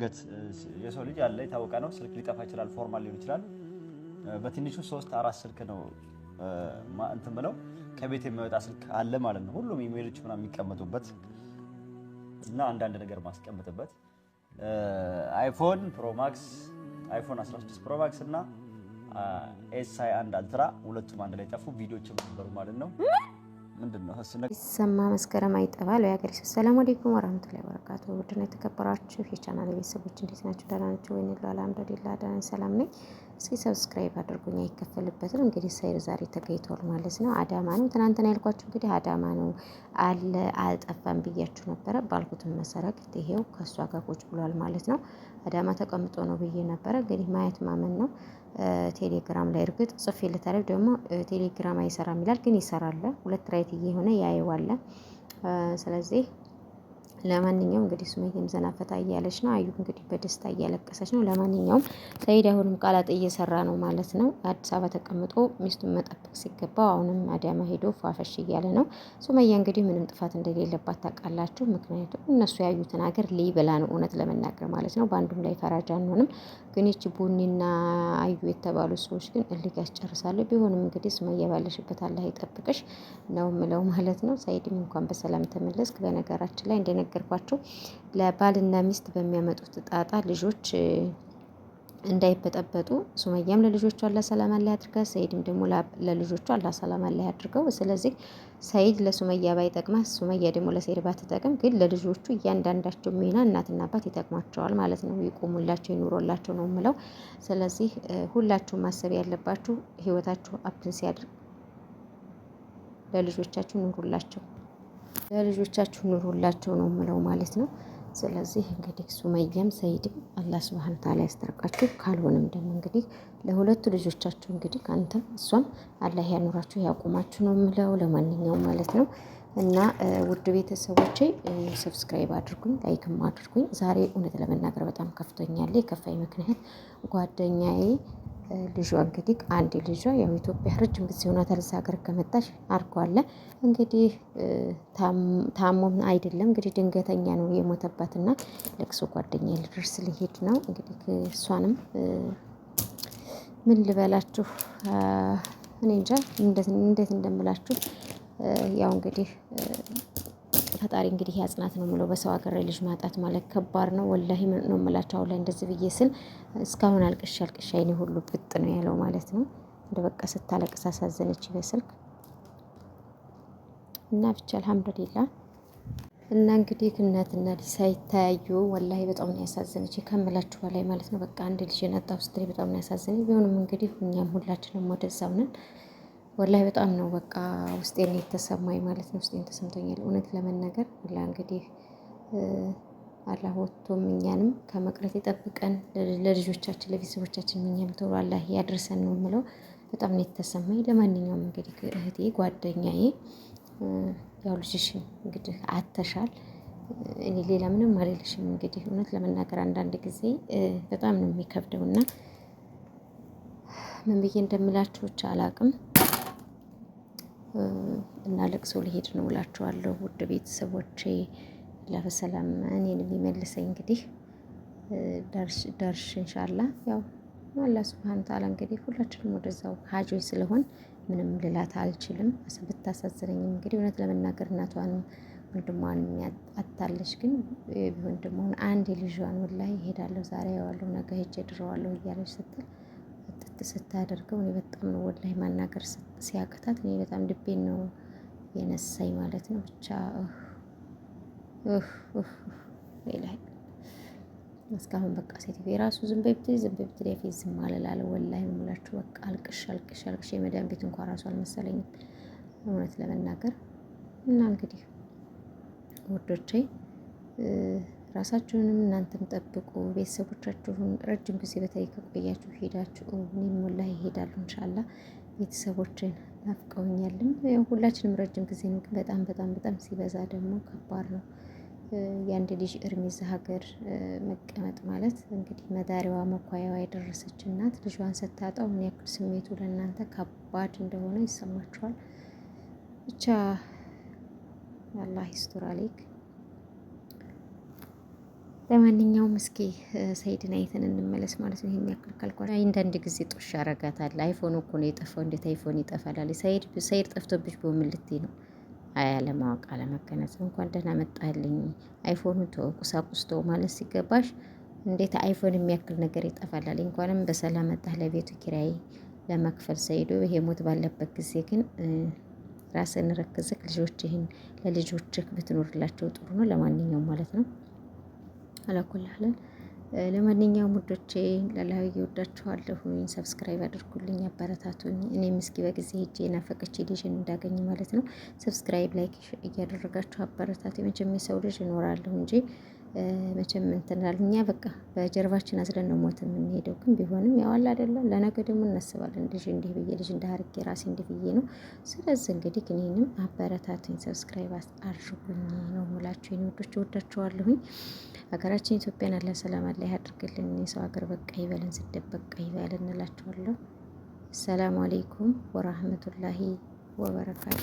ድንገት የሰው ልጅ አለ የታወቀ ነው። ስልክ ሊጠፋ ይችላል፣ ፎርማል ሊሆን ይችላል። በትንሹ ሶስት አራት ስልክ ነው እንትን ብለው ከቤት የሚወጣ ስልክ አለ ማለት ነው። ሁሉም ኢሜሎች ምናምን የሚቀመጡበት እና አንዳንድ ነገር ማስቀምጥበት አይፎን ፕሮማክስ አይፎን 16 ፕሮማክስ እና ኤስአይ አንድ አልትራ ሁለቱም አንድ ላይ ጠፉ። ቪዲዮዎችም ነበሩ ማለት ነው። ምንድን ነው ይሰማ መስከረም አይጠባል ወይ ሰው። ሰላም አለይኩም ወራህመቱላሂ ወበረካቱ። ውድና የተከበራችሁ የቻናል ቤተሰቦች እንዴት ናቸው? ደህና ናቸው ወይ? አልሐምዱሊላህ ደህና ሰላም ነኝ። እስኪ ሰብስክራይብ አድርጉኝ፣ አይከፈልበትም። እንግዲህ ሰይር ዛሬ ተገኝቷል ማለት ነው። አዳማ ነው ትናንትና ያልኳችሁ እንግዲህ አዳማ ነው አለ አልጠፋም ብያችሁ ነበረ። ባልኩትም መሰረት ይሄው ከእሷ ጋር ቁጭ ብሏል ማለት ነው። አዳማ ተቀምጦ ነው ብዬ ነበረ። እንግዲህ ማየት ማመን ነው። ቴሌግራም ላይ እርግጥ ጽፌ ልታለብ ደግሞ ቴሌግራም አይሰራም ይላል፣ ግን ይሰራለ። ሁለት ራይት እየሆነ ያየዋለ ስለዚህ ለማንኛውም እንግዲህ ሱመያም ዘና ፈታ እያለች ነው። አዩ እንግዲህ በደስታ እያለቀሰች ነው። ለማንኛውም ሰይድ አሁንም ቃላት እየሰራ ነው ማለት ነው። አዲስ አበባ ተቀምጦ ሚስቱን መጠበቅ ሲገባው አሁንም አዳማ ሄዶ ፏፈሽ እያለ ነው። ሱመያ እንግዲህ ምንም ጥፋት እንደሌለባት ታውቃላችሁ። ምክንያቱም እነሱ ያዩትን ሀገር ሊበላ ነው እውነት ለመናገር ማለት ነው። በአንዱም ላይ ፈራጅ አንሆንም። ግን ይቺ ቡኒና አዩ የተባሉ ሰዎች ግን እልግ ያስጨርሳሉ። ቢሆንም እንግዲህ ሱመያ ባለሽበት አላህ ይጠብቅሽ ነው ምለው ማለት ነው። ሰይድም እንኳን በሰላም ተመለስክ። በነገራችን ላይ እንደነ እንደነገርኳቸው ለባልና ሚስት በሚያመጡት ጣጣ ልጆች እንዳይበጠበጡ ሱመያም ለልጆቹ አላ ሰላም አላህ ያድርጋ፣ ሰይድም ደግሞ ለልጆቹ አላ ሰላም አላህ ያድርገው። ስለዚህ ሰይድ ለሱመያ ባይጠቅማ፣ ሱመያ ደግሞ ለሰይድ ባትጠቅም፣ ግን ለልጆቹ እያንዳንዳቸው ሚና እናትና አባት ይጠቅማቸዋል ማለት ነው። ይቆሙላቸው ይኑሮላቸው ነው ምለው። ስለዚህ ሁላችሁ ማሰብ ያለባችሁ ህይወታችሁ አፕን ሲያድርግ ለልጆቻችሁ ኑሩላቸው። ለልጆቻችሁ ኑሮላቸው ነው ምለው ማለት ነው። ስለዚህ እንግዲህ ሱመያም ሰይድም አላህ ስብሃነ ተዓላ ያስታርቃችሁ። ካልሆነም ደግሞ እንግዲህ ለሁለቱ ልጆቻችሁ እንግዲህ አንተም እሷም አላህ ያኑራችሁ ያቁማችሁ ነው ምለው። ለማንኛውም ማለት ነው እና ውድ ቤተሰቦቼ ሰብስክራይብ አድርጉኝ፣ ላይክም አድርጉኝ። ዛሬ እውነት ለመናገር በጣም ከፍቶኛል። የከፋኝ ምክንያት ጓደኛዬ ልጇ እንግዲህ አንድ ልጇ ያው ኢትዮጵያ ረጅም ጊዜ ሆኗታል እዛ ሀገር ከመጣሽ አርጓለ እንግዲህ ታሞም አይደለም እንግዲህ ድንገተኛ ነው እና ለቅሶ ጓደኛ ልደርስ ልሄድ ነው እንግዲህ እሷንም ምን ልበላችሁ እኔ እንጃ እንዴት እንደምላችሁ ያው እንግዲህ ፈጣሪ እንግዲህ ያጽናት ነው የምለው። በሰው ሀገር ላይ ልጅ ማጣት ማለት ከባድ ነው። ወላሂ ነው የምላቸው። አሁን ላይ እንደዚህ ብዬ ስል እስካሁን አልቅሻ አልቅሻ አይኔ ሁሉ ብጥ ነው ያለው ማለት ነው። እንደ በቃ ስታለቅስ አሳዘነች በስልክ እና ብቻ አልሐምዱሊላ እና እንግዲህ እናትና ልጅ ሳይተያዩ ወላሂ በጣም ነው ያሳዘነች ከምላችሁ በላይ ማለት ነው። በቃ አንድ ልጅ ናጣ ውስጥ በጣም ነው ያሳዘነች። ቢሆንም እንግዲህ እኛም ሁላችንም ወደዛው ነን። ወላሂ በጣም ነው በቃ ውስጤን የተሰማኝ ማለት ነው። ውስጤን ተሰምቶኛል እውነት ለመናገር ሁላ እንግዲህ አላህ ወጥቶም እኛንም ከመቅረት ይጠብቀን፣ ለልጆቻችን ለቤተሰቦቻችን ምኛም ቶሎ አላህ ያድርሰን ነው የምለው። በጣም ነው የተሰማኝ። ለማንኛውም እንግዲህ እህቴ ጓደኛዬ፣ ያው ልጅሽን እንግዲህ አተሻል። እኔ ሌላ ምንም አልልሽም። እንግዲህ እውነት ለመናገር አንዳንድ ጊዜ በጣም ነው የሚከብደውና ምን ብዬ እንደምላችሁ አላቅም። እና ለቅሶ ሊሄድ ነው እላችኋለሁ ውድ ቤተሰቦቼ። ለበሰላም እኔን የሚመልሰኝ እንግዲህ ደርሽ እንሻላ ያው አላህ ስብሃነ ተዓላ እንግዲህ ሁላችንም ወደዛው ሀጆች ስለሆን ምንም ልላት አልችልም። ብታሳዝነኝም እንግዲህ እውነት ለመናገር እናቷን ወንድሟን አታለች። ግን ወንድሟን አንድ ልጇን ወላሂ ይሄዳለሁ ዛሬ ያዋለሁ ነገ ሄጄ ድረዋለሁ እያለች ስትል ስታደርገው እኔ በጣም ነው ወላሂ ማናገር ሲያቅታት እኔ በጣም ልቤን ነው የነሳኝ ማለት ነው። ብቻ ላይ እስካሁን በቃ ሴትዮ የራሱ ዝም በይ ብትይ ዝም በይ ብትይ ፊት ዝም አልላለ ወላሂ ነው የምላችሁ። በቃ አልቅሽ አልቅሽ አልቅሽ የመዳን ቤት እንኳ ራሱ አልመሰለኝም እውነት ለመናገር እና እንግዲህ ወዶቼ ራሳችሁንም እናንተም ጠብቁ። ቤተሰቦቻችሁን ረጅም ጊዜ በተለይ ከቆያችሁ ሄዳችሁ እኔም ሞላ ይሄዳሉ እንሻላ ቤተሰቦችን ናፍቀውኛልም። ሁላችንም ረጅም ጊዜ ነው፣ ግን በጣም በጣም በጣም ሲበዛ ደግሞ ከባድ ነው። የአንድ ልጅ እድሜ ሀገር መቀመጥ ማለት እንግዲህ መዳሪዋ መኳያዋ የደረሰች እናት ልጇን ስታጣው ምን ያክል ስሜቱ ለእናንተ ከባድ እንደሆነ ይሰማችኋል። ብቻ አላህ ይስቱር ለማንኛውም እስኪ ሰይድን አይተን እንመለስ ማለት ነው። ይሄን ያክል ካልኳል። አንዳንድ ጊዜ ጦሽ ያረጋታል። አይፎን እኮ ነው የጠፋው። እንዴት አይፎን ይጠፋላል? ሰይድ ሰይድ ጠፍቶብሽ በምልት ነው። አይ አለማወቅ አለመገናዘብ። እንኳን ደህና መጣልኝ። አይፎኑ ተወው፣ ቁሳቁስ ተወው ማለት ሲገባሽ እንዴት አይፎን የሚያክል ነገር ይጠፋላል? እንኳንም በሰላም መጣህ። ለቤቱ ኪራይ ለመክፈል ሰይዶ ይሄ ሞት ባለበት ጊዜ ግን ራስን ረክዝክ ልጆችህን ለልጆችህ ብትኖርላቸው ጥሩ ነው። ለማንኛውም ማለት ነው አላኩላለን። ለማንኛውም ውዶቼ ለላይ እወዳችኋለሁኝ። ሰብስክራይብ አድርጉልኝ፣ አበረታቱኝ። እኔም እስኪ በጊዜ ሄጄ ናፈቀች ልጅን እንዳገኝ ማለት ነው። ሰብስክራይብ ላይክ እያደረጋችሁ አበረታቱ። የመቼም የሰው ልጅ እኖራለሁ እንጂ መቼም እንትን እኛ በቃ በጀርባችን አዝለን ነው ሞት የምንሄደው። ግን ቢሆንም ያዋል አይደለም ለነገ ደግሞ እናስባለን። ልጅ እንዲህ ብዬ ልጅ እንደ ሀርጌ ራሴ እንዲህ ብዬ ነው። ስለዚህ እንግዲህ እኔንም አበረታቱኝ፣ ሰብስክራይብ አድርጉኝ ነው ሙላችሁ የንወዶች ወዳችኋለሁኝ። ሀገራችን ኢትዮጵያን አለ ሰላም አለ ያድርግልን። የሰው ሀገር በቃ ይበልን፣ ስደት በቃ ይበለን እላችኋለሁ። ሰላም አሌይኩም ወራህመቱላሂ ወበረካቱ